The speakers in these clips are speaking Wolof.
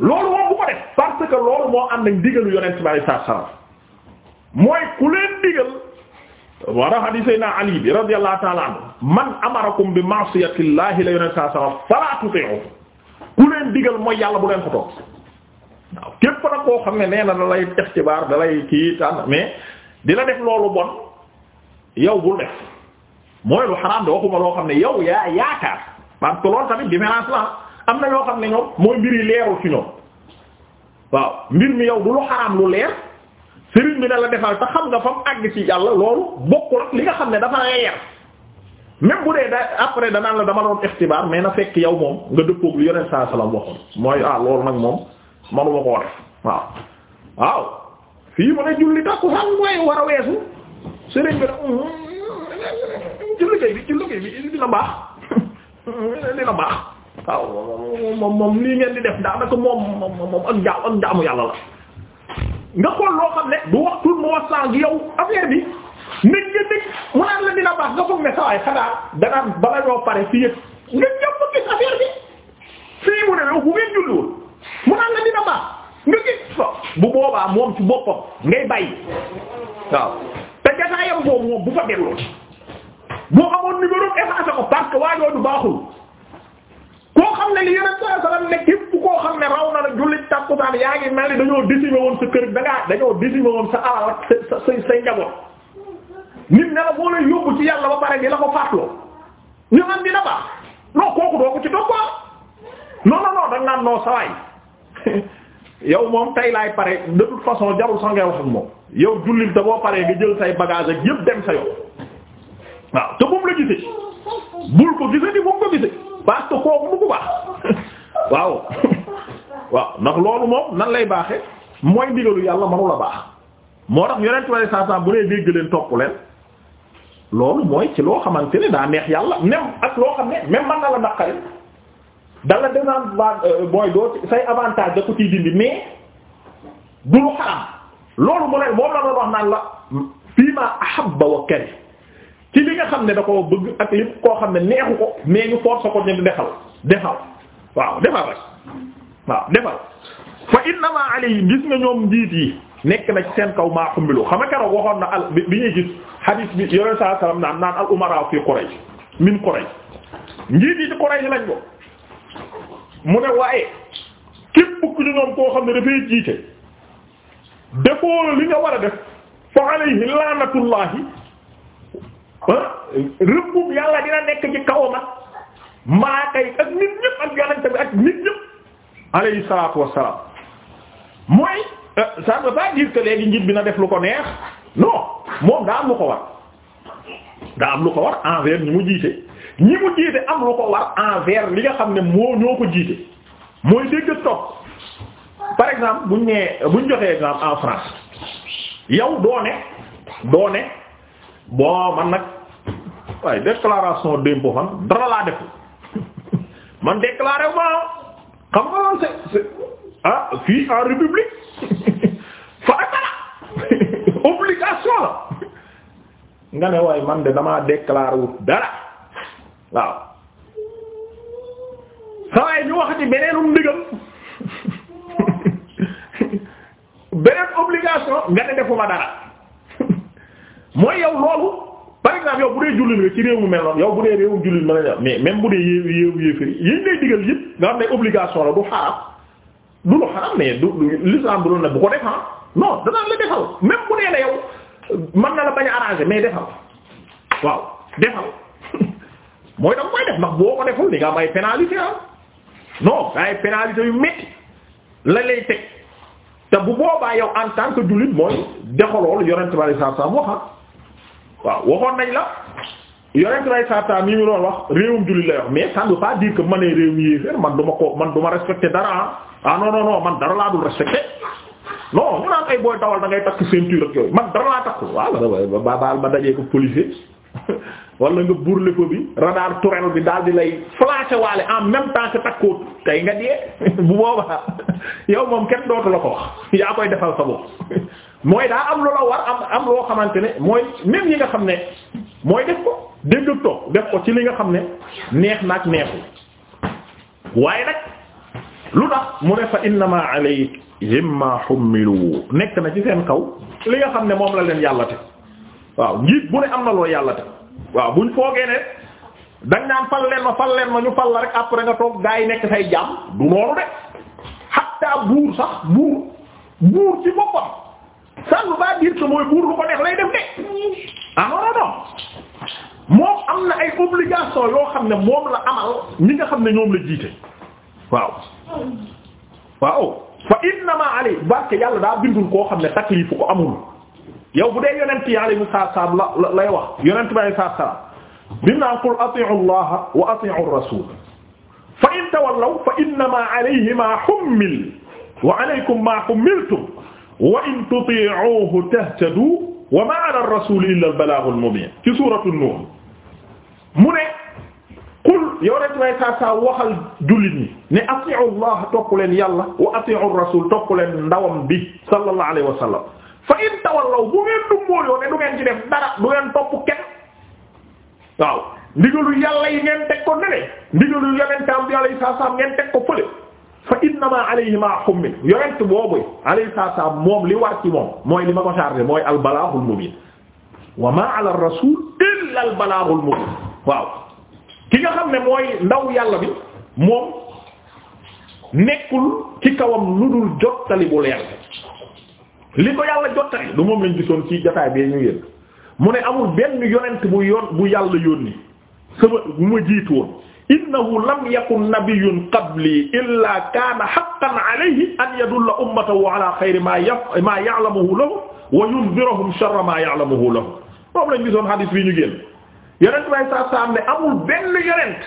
loolu moom bu ko def parce que loolu moo am nañ digalu yonent bi alayhi salaam mooy ku leen digal war a hadith sayna Ali bi radiyallahu ta'ala anhu man amarakum bi ma'siyatillahi la yonent saa salaam fala tuti'u ku leen digal mooy yàlla bu leen ko toog waaw képp koo xam ne nee na da lay ixtibaar da lay kii tànn mais di la def loolu bon yow bul def mooy lu xaraam de waxuma loo xam ne yow yaa yaakaar parce que loolu tamit différence la am na ñoo xam ne ñoom mooy mbir yi leerul ci ñoom waaw mbir mi yow du lu xaraam lu leer sëriñ bi na la defal te xam nga fa mu àgg ci yàlla loolu bokkul li nga xam ne dafa leer même bu dee da après danaan la dama doon ixtibaar mais na fekk yow moom nga dëppoog lu yonent saa salaam waxoon mooy ah loolu nag moom manuma koo def waaw waaw fii mu ne julli takku sax mooy war a weesu sëriñ bi nag julli kay bi julli kay bi dina baax dina baax waaw moom moom moom lii ngeen di def daanaka moom moom moom ak njaaw ak njaamu yàlla la nga xool loo xam ne du waxtul mu wax saa gi yow affaire bi nit nga nit mu naan la dina baax nga foog ne sawaay xanaa danaan bala ñoo pare fi yëg nga ñëpp gis affaire bi fii mu ne yow bu ngeen julliwul mu naan la dina baax nga gis ko bu boobaa moom ci boppam ngay bàyyi waaw te jataayam boobu moom bu fa delloo boo amoon numéro effacé ko parce que waajoo du baaxul koo xam ne li yonent sallallahu alayhi wasallam ne képp koo xam ne raw na la jullit tàkkusaan yaa ngi mel ni dañoo décimé woon sa kër da ngaa dañoo décimé woon sa alal ak sa sa say njaboot nit ne la boo lay yóbbu ci yàlla ba pare di la ko faatloo ñu xam dina baax non kooku doo ko ci topp ah. non non non da nga naan noo sawaay yow moom tay laay pare de toute façon jarul sax ngay wax moom yow jullit te boo paree nga jël say bagage ak yépp dem sa yoon waaw parce que kooku mu ko baax waaw waaw ndax loolu moom nan lay baaxe mooy ndigalu yàlla manula baax moo tax yonent wala saa saa bu nee dégg leen topp leen loolu mooy ci loo xamante ne daa neex yàlla même ak loo xam ne même man na la naqari dala dinaan ba mooy euh, doo say avantage da ko ciy dindi mais du lu xaram loolu mu ne moom la doon wax naan la fii ma ahabba wa kari ci li nga xam ne da ko bëgg ak li koo xam ne neexu ko mais ñu force ko ñu defal defal waaw defal rek waaw defal fa innama alayhim gis nga ñoom njiit yi nekk na seen kaw maa xumbilu xam nga keroog waxoon na al bi ñuy gis hadith bi yore saa salaam naan naan al umara fi Quraysh min Quraysh njiit yi ci Quraysh lañ ko mu ne waaye képp ku ñu ñoom koo xam ne dafay jiite defoo li nga war a def fa alayhi laanatullahi rëbbum yàlla dina nekk ci kawam ak malaaka yi ak nit ñëpp ak yonent bi ak nit ñëpp alayhi salaatu wassalaam mooy euh, ça ne veut pas dire que léegi njiit bi na def lu ko neex non moom daa am lu ko war daa am lu ko war envers ñi mu jiite ñi mu jiite am lu ko war envers li nga xam ne moo ñoo ko jiite mooy dégg topp par exemple buñ nee buñ joxee exemple en France yow doo ne bon man nag waaye déclaration d'impôt fan dara laa def man déclaré wu ma xam nga loolu c'est ah fii en république farata la obligation la nga ne waaye man de damaa déclaré wu dara waaw saa ñu waxati beneenum ndigal beneen obligation nga ne defuma dara. mooy yow loolu par exemple yow bu dee jullit nga ci réew mu mel noonu yow bu dee réewum jullit mën mais même bu dee yéew yéew yéeféri yéen lay digal nga xam la du xaram du bu ko na la bañ a mais defal waaw defal mooy danga def ndax boo ko deful di nga am ay pénalité ah non ay pénalité yu métti la lay teg te bu boobaa yow en tant que jullit mooy dexaloolu yonent bi sallallahu alayhi wasallam waxa ah waaw waxoon nañ la yonent lay saataa mi mu doon wax réewum jullit lay wax mais ça ne pas dire que man réew mi yéeféer man du ma ko man du ma respecté dara ah. ah non non non man dara laa dul respecté non ñu naan ay booy dawal da ngay takk ceinture ak yooyu man dara laa takk waaw ba baal ma dajee ko policier wala nga burle ko bi radar tourelle bi daal di lay flashé waale en même temps que takkoo tey nga dee bu boobaa yow moom kenn dootu la ko wax yaa koy defal sa mooy daa am lu la war am am loo xamante ne mooy même yi nga xam ne mooy def ko dégg toog def ko ci li nga xam ne neex naa ak neexul waaye nag lu tax mu ne fa innama alayhim ma hummilu nekk na ci seen kaw li nga xam ne moom la leen yàlla te waaw njiit bu ne am na loo yàlla te waaw buñ foogee ne dañ naan fal leen ma fal leen ma ñu fal la rek après nga toog gaa yi nekk say jaam du noonu de hatta buur sax buur buur ci boppam ça ne veut pas dire que mooy buur lu ko neex lay def de ah non am na ay obligation yoo xam ne moom la amal ñi nga xam ne ñoom la jiite waaw waaw fa innama ali barke yàlla daa bindul koo xam ne taklifu ko amul yow bu dee yonent yi alayhi salaam la lay wax yonent bi alayhi salaam dinaa qul ati'u allaha wa ati'u ar-rasul fa in tawallaw fa innama alayhi ma hummil wa alaykum ma hummiltum wa in tuti'uhu tahtadu wa ma 'ala ar-rasuli illa al-balaghu al-mubin ci suuratu an-nur mu ne qul yow rek may saa saa waxal jullit ñi ne ati'u Allah topp leen yàlla wa ati'u ar-rasul topp leen ndawam bi sallallahu alayhi wa sallam fa in tawallaw bu ngeen dumbóoyoo ne du ngeen ci def dara du ngeen topp kenn waaw ndigalu yàlla yi ngeen teg ko nele ndigalu yonentam bi alayhi salaam ngeen teg ko fële fa innama alayhi ma hummil yonent boobu alayhi salaam moom li war ci moom mooy li ma ko chargé mooy al balaghul waaw ki nga xam ne mooy ndaw yàlla bi moom nekkul ki kawam lu dul jottali bu leer li ko yàlla jottali du moom lañ gisoon ci jotaay bee ñu yéen mu ne amul benn yonent bu yoon bu yàlla yónni sama bu ma jiitu woon innahu lam yakun nabiyyun qabli illa kaana haqqan alayhi an yadulla ummatahu ala xayri ma ma ya'lamuhu lahum wa yunzirahum sharra ma ya'lamuhu lahum moom lañ gisoon hadith bi ñu génn yonent bay saa saa am ne amul benn yonent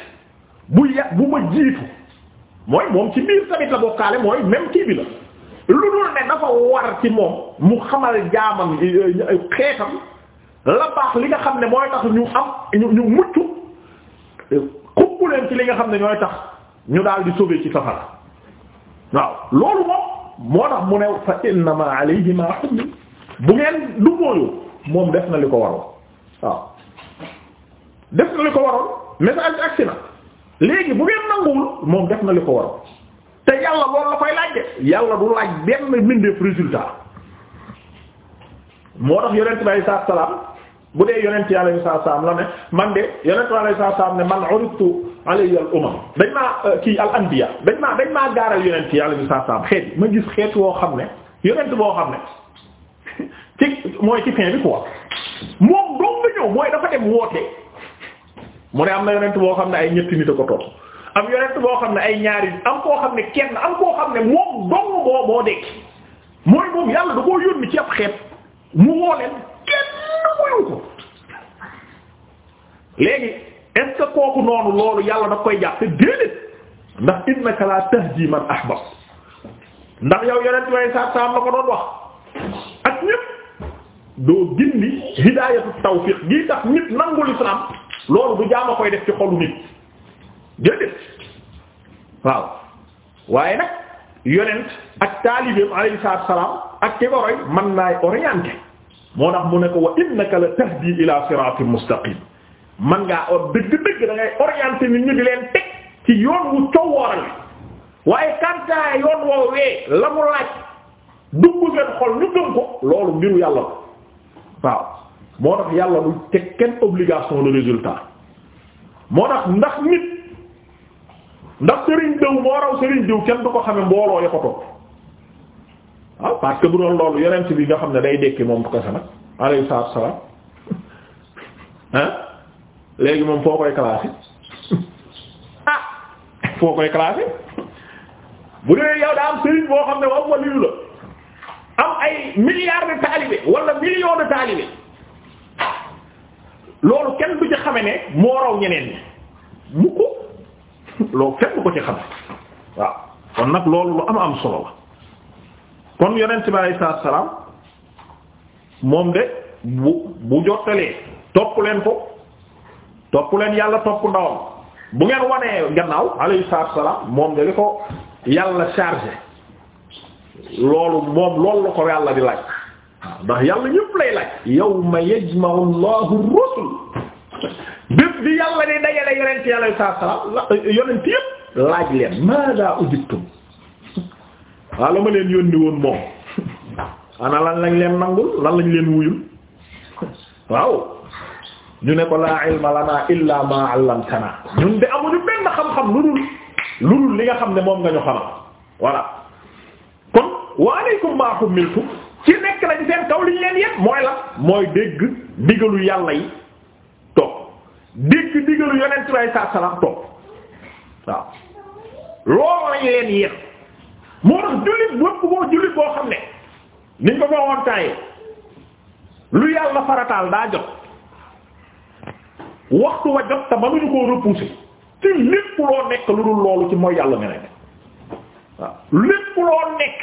bu ya bu ma jiitu mooy moom ci biir tamit la bokkaale mooy même kii bi la lu dul ne dafa war ci moom mu xamal jaamam euh, euh, xeetam la baax li nga xam ne mooy tax ñu am ñu ñu mucc yóbbu ci li nga xam ne ñooy tax ñu daal di sauver ci safara waaw loolu moom moo tax mu ne fa innama alayhi ma xubbi bu ngeen du moom def na li ko waroon waaw def na li ko waroon message bi na léegi bu ngeen nanguwul moom def na li ko waroon te yàlla loolu la koy laaj de yàlla du laaj benn mbindeef résultat moo tax yonent bi sallallahu alayhi bu dee yonent yi alayhi salaam la ne man de yonent yi alayhi salaam ne man uritu alayhi al umam dañ maa euh, kii al anbiya dañ maa maa gaaral yonent yi alayhi salaam xeet ma gis xeet woo xam ne yonent boo xam ne ci mooy ci fin bi quoi moom dong ñëw mooy dafa dem woote mu ne am na yonent boo xam ne ay ñetti nit a ko am yonent boo xam ne ay ñaari am koo xam ne kenn am koo xam ne moom dong boo boo dekk mooy moom yàlla da koo yónni ci ab xeet mu woo leen léegi est kooku noonu loolu yàlla da koy jàpp te déedéet ndax innaka la tahdi man ahbab ndax yow yonent way sa saam la ko doon wax ak ñépp doo gindi hidaayatu tawfiq gi tax nit nangul islam loolu du jaama koy def ci xolu nit déedéet waaw waaye nag yonent ak taalibeem alayhi salaam ak ki ko man naay orienté moo tax mu ne ko wa innaka la tahdi ila siratin mustaqim man ngaa dëgg-dëgg da ngay nit ñu di leen teg ci yoon wu coow waral waaye kantaa yoon woo wee la mu laaj dugg seen xol ñu gëm ko loolu mbiru yàlla la waaw moo tax yàlla du teg kenn obligation de résultat moo tax ndax nit ndax sëriñ dëw moo raw sëriñ dëw kenn du ko xame mbooloo ya ko topp waaw parce que bu doon loolu yonent bi nga xam ne day dekki moom kese nag alayhi salaatu salaam ah léegi moom foo koy classé ah foo koy classé bu dee yow daa am sëriñ boo xam ne wax waliyu la am ay milliards de taalibe wala millions de loolu kenn du ci xame ne moo raw ñeneen ñi mu ko loolu kenn du ko ci xame waaw kon nag loolu lu am am solo la. kon yonent bi alayhi salaatu salaam moom de bu bu jottalee topp leen ko topp leen yàlla topp ndawam bu ngeen wanee gannaaw alayhi salaatu salaam moom de li ko yàlla chargé loolu moom loolu la ko yàlla di laaj ndax yàlla ñëpp lay laaj yow yajma'u Allahu rusul bépp bi yàlla di dajale yonent yàlla alayhi salaatu salaam yonent yëpp laaj leen maada ujibtum waaw ah, la ma leen yónni woon moom ana lan lañ leen nangul lan lañ leen wuyul waaw ñu ne ko laa ilma lana illa ma allamtana ñun de amuñu benn xam-xam lu dul lu dul li nga xam ne moom nga ñu xamal voilà kon wa alaykum ma ci nekk lañ seen kaw liñ leen yépp mooy la mooy dégg digalu yàlla yi topp dégg digalu yonent bi sallallahu alayhi topp waaw loolu lañ leen yépp moo tax jullit bëpp boo jullit boo xam ne niñ ko foogoon lu yàlla farataal daa jot waxtu wa jot te mënuñu koo repousser ci lépp loo nekk lu dul loolu ci mooy yàlla nga nekk waaw lépp loo nekk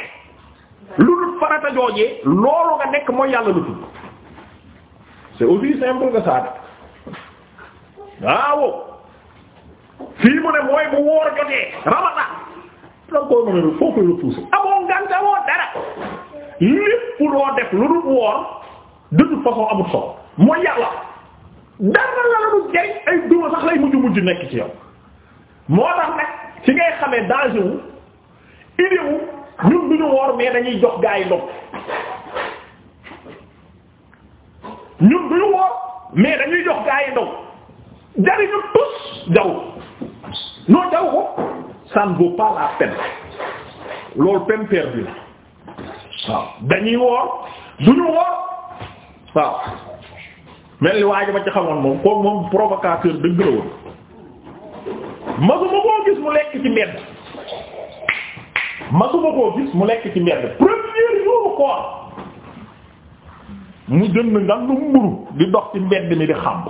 lu dul farata joojee loolu nga nekk mooy yàlla lu tudd c'est aussi simple que ça waaw fii mu ne mooy bu wóor jotee ramadan da nga koy mën a foo koy dara lépp loo def lu dul woor de toute façon amul solo mooy yàlla dara la la du jariñ ay duma sax lay mujj mujj nekk ci yow moo tax nag ci ngay xamee danger wu idée wu ñun woor mais dañuy jox gaa yi ndox ñun duñu woor mais dañuy jox gaa yi ndox jariñu tus jaw noo jaw ko ça ne vaut pas la peine loolu peine la waaw dañuy woor duñu woor waaw mel ni waa ji ci xamoon moom kooku moom provocateur dëgg la woon masuma koo gis mu lekk ci mbedd masuma koo gis mu lekk ci mbedd premier jour koor mu jënd nga lu di dox ci mbedd mi di xàmb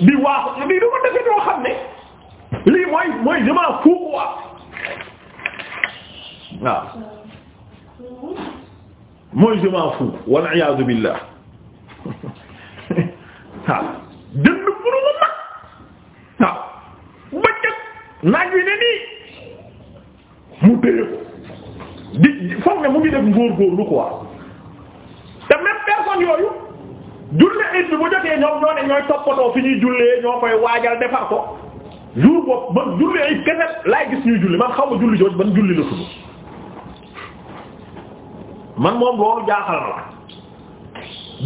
di waaxu di defe mooy mooy jamaa foofu waaw mooy jamaa foofu wal iyaadu billaah waaw jënd munu ma mag waaw bëccëg naaj wi ne mu téye ko di foog ne mu ngi def ngóor-góorlu quoi te même personne yooyu it bi bu jotee ñoom ñoo ne ñooy toppatoo fi ñuy jullee ñoo koy waajal defar ko jour boobu man julli ay kese laay gis ñuy julli man xaw ma julli jooj man julli la tudd man moom loolu jaaxal na la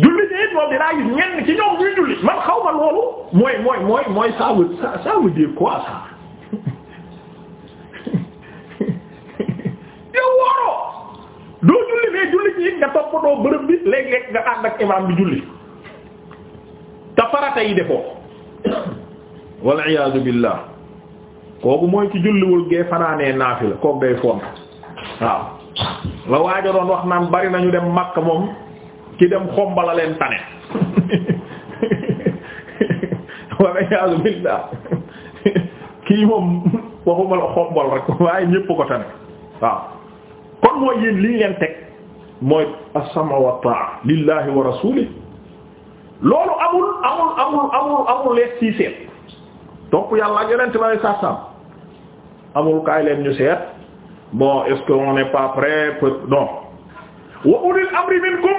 julli ci it moom dinaa gis ñenn ci ñoom ñuy julli man xaw ma loolu mooy mooy mooy mooy ça veut ça veut dire quoi yow wooroo doo julli mais julli ci it nga toppatoo bërëb bi léeg-léeg nga ànd ak imam bi julli te farata yi defoo wal iyaadu billah kooku mooy ci julliwul gee fanaanee naafila kooku day font waaw la waaja doon wax naan bari nañu dem Makka moom ki dem xombala leen tane wal iyaadu billah kii moom waxuma la xombal rek waaye tane waaw kon mooy yéen li leen teg mooy as wa ta'a lillahi wa rasulihi loolu amul amul amul amul amul lees ci seet topp yàlla ak yonent ba sàssam amul kaay leen ñu seet bon est-ce que on n'est pas prêt peut non wa ulil amri minkum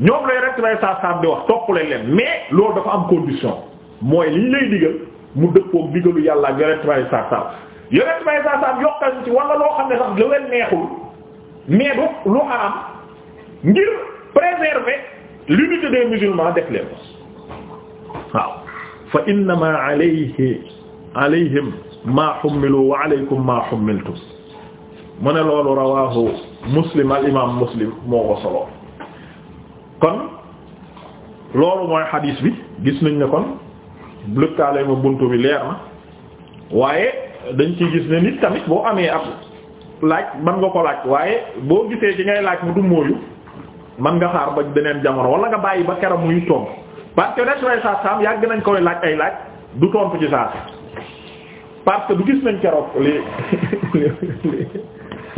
ñoom la yonent bay sàssam di wax topp leen leen mais loolu dafa am condition mooy li ñu lay digal mu dëppook digalu yàlla ak yonent bay sàssam yonent bay sàssam yokkal ci wala loo xam ne sax lu leen neexul mais lu xaram ngir préserver. l'unité des musulmans def leen ko waaw fa innama alayhi alayhim maa xummilu wa alaykum maa xummiltum mu ne loolu rawahu muslim al imam muslim moo ko soloo kon loolu mooy xadiis bi gis nañ ne kon lëkkaale ma bi leer na waaye dañ ciy gis ne nit tamit boo amee ab laaj mën nga ko laaj waaye boo gisee ci ngay laaj mu du mooyu man nga xaar ba beneen jamono wala nga bàyyi ba keroog muy tontu parce que neturay saa saam yàgg nañ koy laaj ay laaj du tontu ci saa parce que du gis nañ keroog li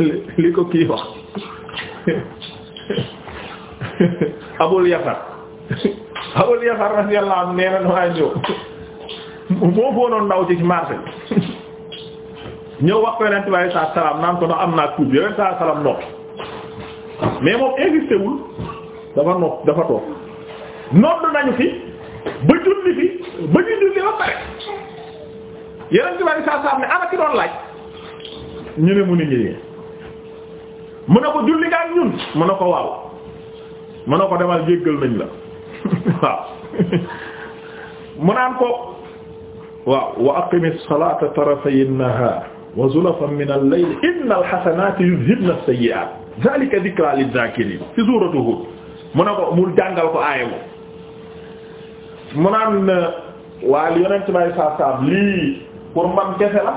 li li ko kii wax Abul Yasar Abul Yasar radiyallahu anhu nee na waaye ñëw moo foonoon ndaw ci ci marché ñëw wax ko Yonent bi sallallahu alayhi naan ko ndax am naa kuub Yonent sallallahu alayhi wasallam mais moom insisté wul dafa nopp dafa toog nodd nañu fi ba julli fi ba ñu julli ba pare yeneen tubaab yi saa saa am ne ana doon laaj ñu ne mu ni ngi mu ne ko julli nga ak ñun mu ne ko waaw mu ne ko demal jéggal nañ la waaw mu naan ko waaw wa aqimis salata tarafay an-nahar wa zulafan min al-layl inna al-hasanati yuzhibna as-sayyi'at zalika dhikra lil zakirin ci suuratu Hud mu ne ko mu jàngal ko aaya boobu mu naan waaye yonent bay saab lii pour man kese la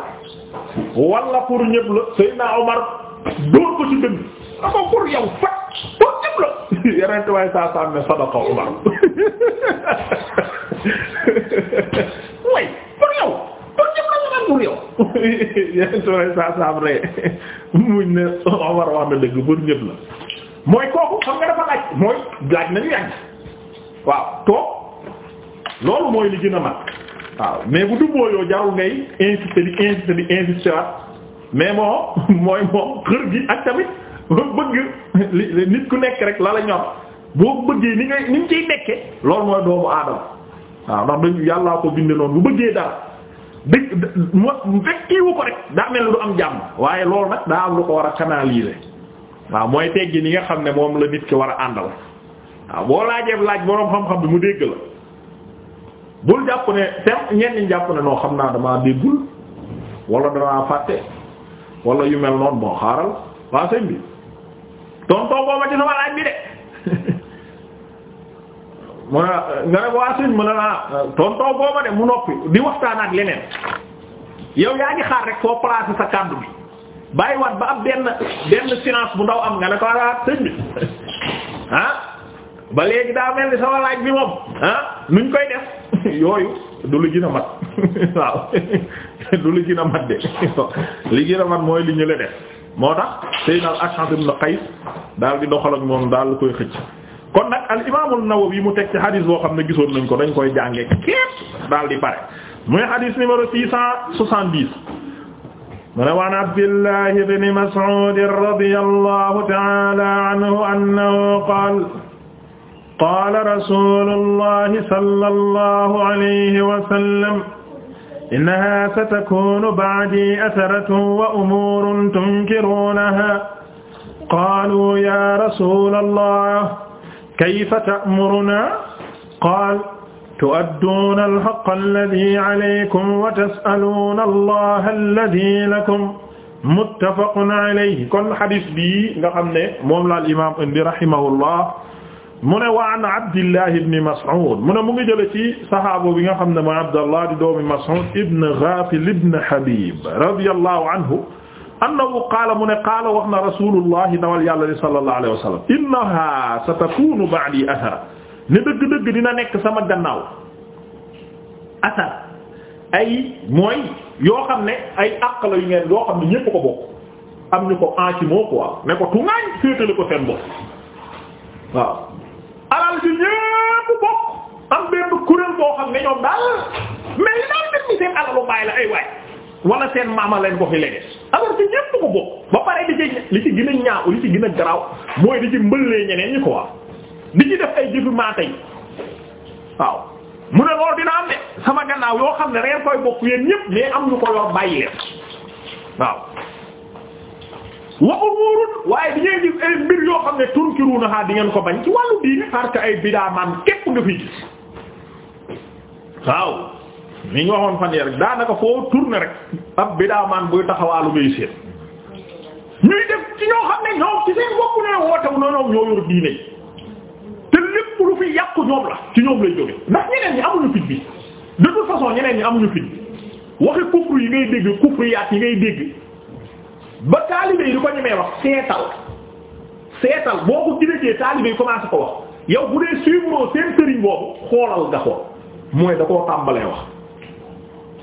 wala pour ñëpp la Seydina Omar dóor ko ci dënn ako pour yow fat pour ñëpp la yonent saab saab ne sadaqa Omar yeneen soo saa saam ree muñ ne Omar wax na dëgg bër mooy kooku xam nga dafa laaj mooy laaj nañu yàgg waaw toog loolu mooy li gën a mat waaw mais bu dubboo yoo jarul ngay insister di insister di insister waat mais moom mooy moom xër gi ak tamit bëgg li nit ku nekk rek la la ñor boo bëggee ni ngay ni ñu ciy nekke loolu mooy doomu aadama waaw ndax dañu yàllaa ko bind noonu bu bëggee dara dëgg moo fekkiwu ko rek daa mel du am jàmm waaye lool nag daa am lu ko war a canaliser waaw mooy teggi ni nga xam ne moom la nit ki war a àndal waaw boo laajeeb laaj boroom xam-xam bi mu dégg la bul jàpp ne te ñenn ñi jàpp ne noo xam naa damaa déggul wala damaa fàtte wala yu mel noonu moo xaaral waa sëñ bi tontoo booba ci sama laaj bi de mu ne nga ne waa sëñ mu ne naa tontoo booba de mu noppi di waxtaan ak leneen yow yaa ngi xaar rek foo placer sa kàddu bi bàyyiwaat ba am benn benn silence bu ndaw am nga ne ko ah sëñ bi ah ba léegi daa mel ni sama laaj bi moom ah nuñ koy def yooyu du lu gën mat waaw du lu gën a mat de li gën mooy li ñu le def moo tax Seydina Ash'ath ibn Qays daal di doxal ak moom daal koy xëcc. kon nag al imam an-Nawawi mu teg ci hadis boo xam ne gisoon nañ ko dañ koy jànge képp daal di pare muy hadis numéro six cent soixante-dix mu ne waan Abdullah ibn Mas'ud radiyallahu ta'ala anhu annahu qaala qaala rasulullahi sallallahu alayhi wa sallam innaha satakunu ba'di atharatun wa umurun tunkirunaha qaalu ya rasulallah kayfa ta'muruna qaal tu'adduuna al-haqqa alladhii 'alaykum wa tas'aluuna allaha alladhii lakum muttafaqun alayhi kon xadis bii nga xam ne moom la al imaam indi rahimahullah mu ne wa an Abdillah ibn Mas'ud mu ne mu ngi jële ci saxaaba bi nga xam ne mooy Abdallah di doomi Mas'ud ibn Ghafil ibn Habib radiyallahu anhu annahu qaala mu ne qaala wax na rasulullahi ndawal yàlla li sallallahu alayhi wa sallam innaha satakunu ba'di athara ne dëgg-dëgg dina nekk sama gannaaw athar ay mooy yoo xam ne ay àq la yu ngeen yoo xam ne ñépp ko bokk am ñu ko anci moo quoi ne ko tungaañ féetale ko seen bopp waaw alal bi ñépp bokk am benn kuréel boo xam ne ñoom daal mais li daal nit ñi seen alalu bàyyi la ay waay wala seen maama leen ko fi leges alors que ñépp ko bokk ba pare di ci li ci gën ñaaw li ci gën a mooy di ci mbëllee ñeneen ñi quoi di ci def ay jëfi maata waaw mu ne loolu dina am sama gannaaw yoo xam ne reer koy bokk yéen ñépp mais am ñu ko yor bàyyi leen waaw wa umurun waaye di ngeen ay mbir yoo xam ne tunkirunaha di ngeen ko bañ ci wàllu diine parce que ay bidaa man képp nga fi gis waaw ñu waxoon fan yii rek daanaka foo tourner rek ab bidaa man buy taxawaalu ngay séen ñuy def ci ñoo xam ne ñoom ci seen bopp ne wootew noonoom ñoo yor diine te lépp lu fi yàqu ñoom la ci ñoom lay jóge ndax ñeneen ñi amuñu fit bi de façon ñeneen ñi amuñu fit bi waxi kufru yi ngay dégg kufriyaat yi ngay dégg ba taalibe yi di ko ñemee wax seetal seetal boo ko ginatee taalibe yi commencé ko wax yow bu dee suivre seen sëriñ boobu xoolal nga xool mooy da koo tàmbalee wax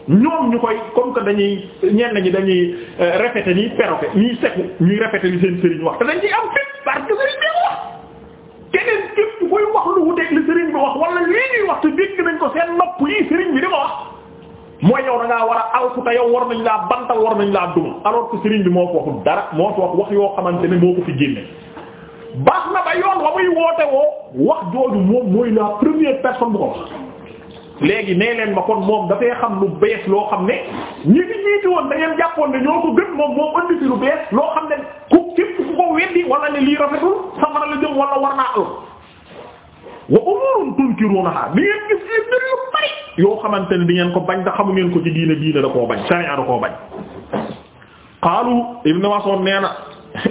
ñoom ñu koy comme que dañuy ñenn ñi dañuy euh, répéter nii perroquet ñuy seku ñuy répéter li seen sëriñ wax te dañ am fépp parce que sëriñ bi wax keneen képp koy wax lu wuteeg li sëriñ bi wax wax nañ ko seen nopp yi sëriñ bi di ma mooy yow da ngaa war a alku te war nañ laa bantal war nañ laa duma alors que sëriñ bi moo ko dara moo ko wax yoo xamante ne moo ko fi génne baax na ba yoon wa muy woote wax jooju moom mooy la première personne bu ko wax léegi nee leen ma kon moom dafay xam lu bees loo xam ne ñi fi jiiti woon da jàppoon ne ñoo ko gën moom moo andi fi lu bees loo xam ne ku képp ku ko weddi wala ne lii rafetul samara la jëm war naa ëpp. wa umurun tunkirunaha di ngeen gis ay mbir bari yoo xamante ne di ngeen ko bañ da xamu ngeen ko ci diine diine da koo bañ sariya da koo bañ. qaalu Ibn Mas'ud nee na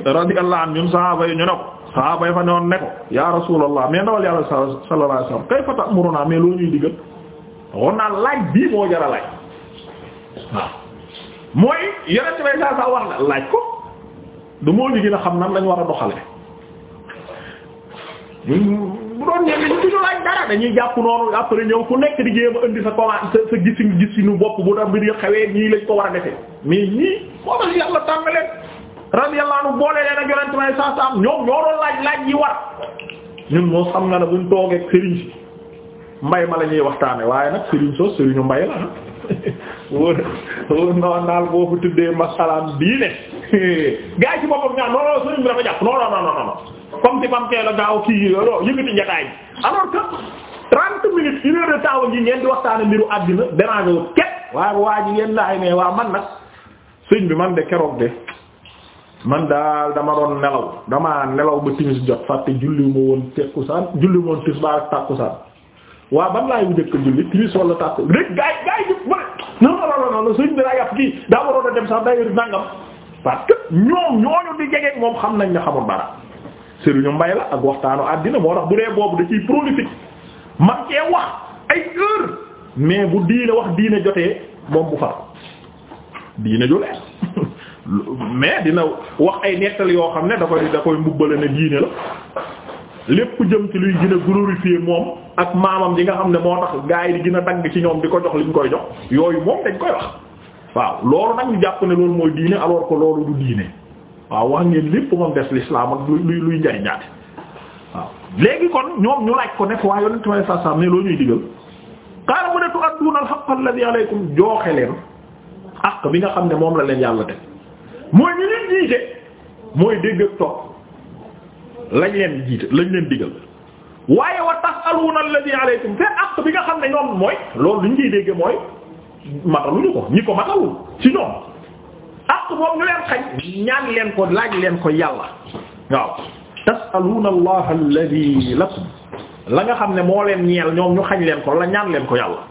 radiyallahu anhu ñun sahaaba yi ñu ne ko sahaaba yi fa ne woon ne ko ya rasulallah mais ndawal yàlla sallallahu alayhi waxoon naa laaj bii moo jar a laaj waaw mooy yeneen may saa saa wax na laaj ko du moo ñu gën a xam nan dañ war a doxale bu doon ñenn ñu duñu laaj dara dañuy jàpp noonu après ñëw ku nekk di jéem a bu da mbir yi xewee lañ ko war a defee mais ñii moo tax yàlla tànn leen radiyallahu boole leen ak yonent may saa saa am ñoo doon laaj laaj yi war ñun moo xam nga ne buñ toogee sëriñ si mbay ma la ñuy waxtaane waaye nag Serigne Sos Serigne mbay la wóor wóor noonu naal boo tuddee masalaam bii gaa ci bi dafa jàpp non non si bam teel ngeen di waxtaane mbiru àddina déranger wu ngeen laay ne waa man nag sëñ bi man de keroog de man daal dama doon nelaw dama nelaw ba timis jot fàtte julli ma woon julli ma woon waaw ban laay bu njëkk a julli timis wala tàkku rek gaay gaay yi ñu non non non non suñ bi daa yàpp kii daa waroon a dem sax day nangam parce que ñoom ñooñu di jegeeg moom xam nañ ne xamul dara. sëriñu mbay la ak waxtaanu àddina moo tax bu dee boobu da ciy prolifique man cee wax ay heure mais bu diine wax diine jotee moom bu far diine ju mais dina wax ay nettali yoo xam ne da koy da koy ne diine la. lépp jëm ci luy gën a glorifier moom ak maamam yi nga xam ne moo tax gaa yi di gën a tagg ci ñoom di ko jox liñ koy jox yooyu moom dañ koy wax waaw loolu nag ñu jàpp ne loolu mooy diine alors que loolu du diine waaw wax ngeen lépp moom des l'islam ak luy luy njariñaate waaw léegi kon ñoom ñu laaj ko nekk waa yonent may sa sam ne loo ñuy digal qaala mu ne tu'adduuna al-haqqa alladhi alaykum jooxe leen ak bi nga xam ne moom la leen yàlla teg mooy ñu leen jiite lañ leen jiite lañ leen digal waaye wa tasaluuna alladhi alaykum seen àq bi nga xam ne ñoom mooy loolu luñ ciy dégg mooy mataluñu ko ñi ko matalul ci ñoom àq boobu ñu leen xañ ñaan leen ko laaj leen ko yàlla waaw tasaluuna allah alladhi lakum la nga xam ne moo leen ñeel ñoom ñu xañ leen ko la ñaan leen ko yàlla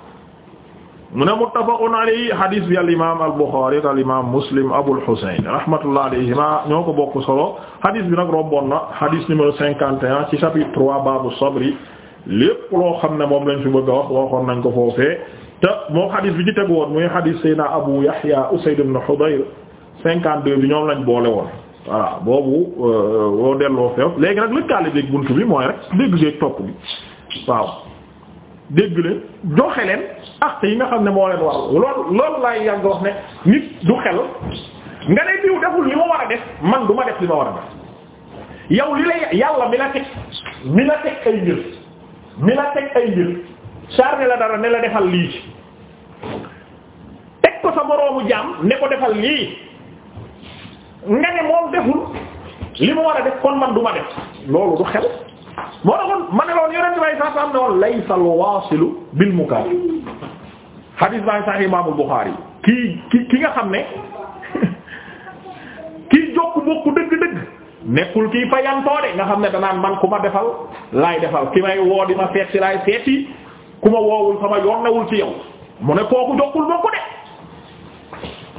mu ne muttafaqun alayhi hadith bi al imam al Bukhari ak al imam Muslim Abul Husayn rahmatullah alayhima ñoo ko bokk solo hadith bi nag rombon na hadith numéro cinquante et un ci chapitre trois babu sabri lépp loo xam ne moom lañ fi bëgg a wax waxoon nañ ko foofee te moo hadith bi ci tegu woon muy hadith Seydina Abu Yahya Usayd ibn Hudayr cinquante deux bi ñoom lañ boole woon voilà boobu euh, boo delloo feew léegi nag lëkkaale dégg bunt bi mooy rek dégg géeg topp ak yi nga xam ne moo leen war loolu loolu laay yàgg wax ne nit du xel nga ne diw deful li ma war a def man du ma def li ma war a def yow li la yàlla mi la teg mi la teg ay mbir mi la teg ay mbir chargé la dara ne la defal lii teg ko sa moroomu jaam ne ko defal lii nga ne moom deful li mu war a def kon man du ma def loolu du xel moo taxoon ma ne loolu yonent bay sa am ne woon laysa al wasilu bil xadis baa ngi sax imaamul kii ki ki nga xam ne kii jokk bokku dëgg-dëgg nekkul kii fayantoo de nga xam ne danaan man ku ma defal laay defal ki may woo di ma seet si laay seeti ku ma woowul sama yoon newul ci yow mu ne kooku jokkul bokku de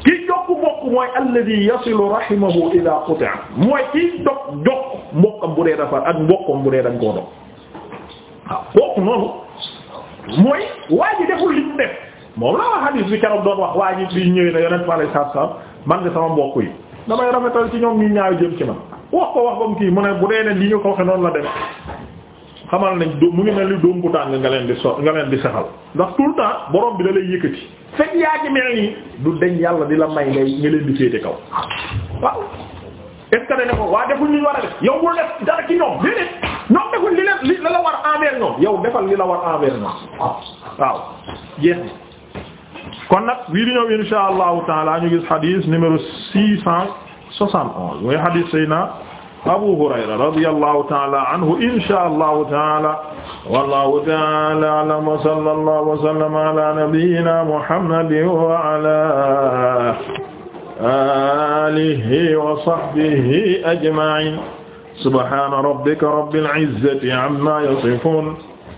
kii jokk bokk mooy alladhi yasilu rahimahu ila qut'a mooy kii dog jokk mbokkam bu dee dafa ak mbokkam bu dee dañ koo dog kooku noonu mooy waa ji deful li ñu def moom la hadis bi keroog doon wax waa ji bi ñëwee na yonent bi saa saam man de sama mbokk yi damay rafetal ci ñoom ñu ñaaw jëm ci man wax ko wax ba kii mu ne bu dee ne li ñu ko waxee noonu la deme xamal nañ mu ngi mel ni doom bu tàng nga leen di so nga leen di saxal ndax tout le temps borom bi da lay yëkkati fekk yaa ci mel nii du deñ yàlla di la may ngay nga leen di féete kaw waaw est ce que ko waa defuñ li ñu war a def yow bul def dara ci ñoom déedéet ñoom defuñ li leen la war envers ñoom yow defal li la war envers waaw kon nag bii di ñëw insha allahu taala ñu gis xadis numéro six cent soixante onze muy xadis sayna Abu Hurayra radiyallahu taala anhu insha allahu taala wallahu taala a'lam wa sallallahu wa sallama ala nabiyyina muhammadin wa ala alihi wa sahbihi ajma'in subhana rabbika rabbil izzati amma yasifun